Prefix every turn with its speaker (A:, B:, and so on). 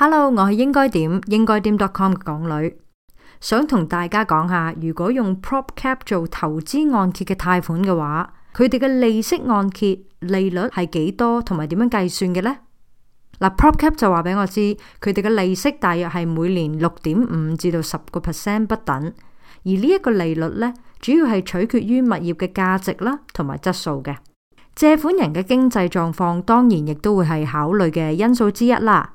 A: Hello，我係應該點應該點 dotcom 嘅港女，想同大家講下，如果用 prop cap 做投資按揭嘅貸款嘅話，佢哋嘅利息按揭利率係幾多，同埋點樣計算嘅呢？嗱，prop cap 就話俾我知，佢哋嘅利息大約係每年六點五至到十個 percent 不等，而呢一個利率呢，主要係取決於物業嘅價值啦，同埋質素嘅，借款人嘅經濟狀況當然亦都會係考慮嘅因素之一啦。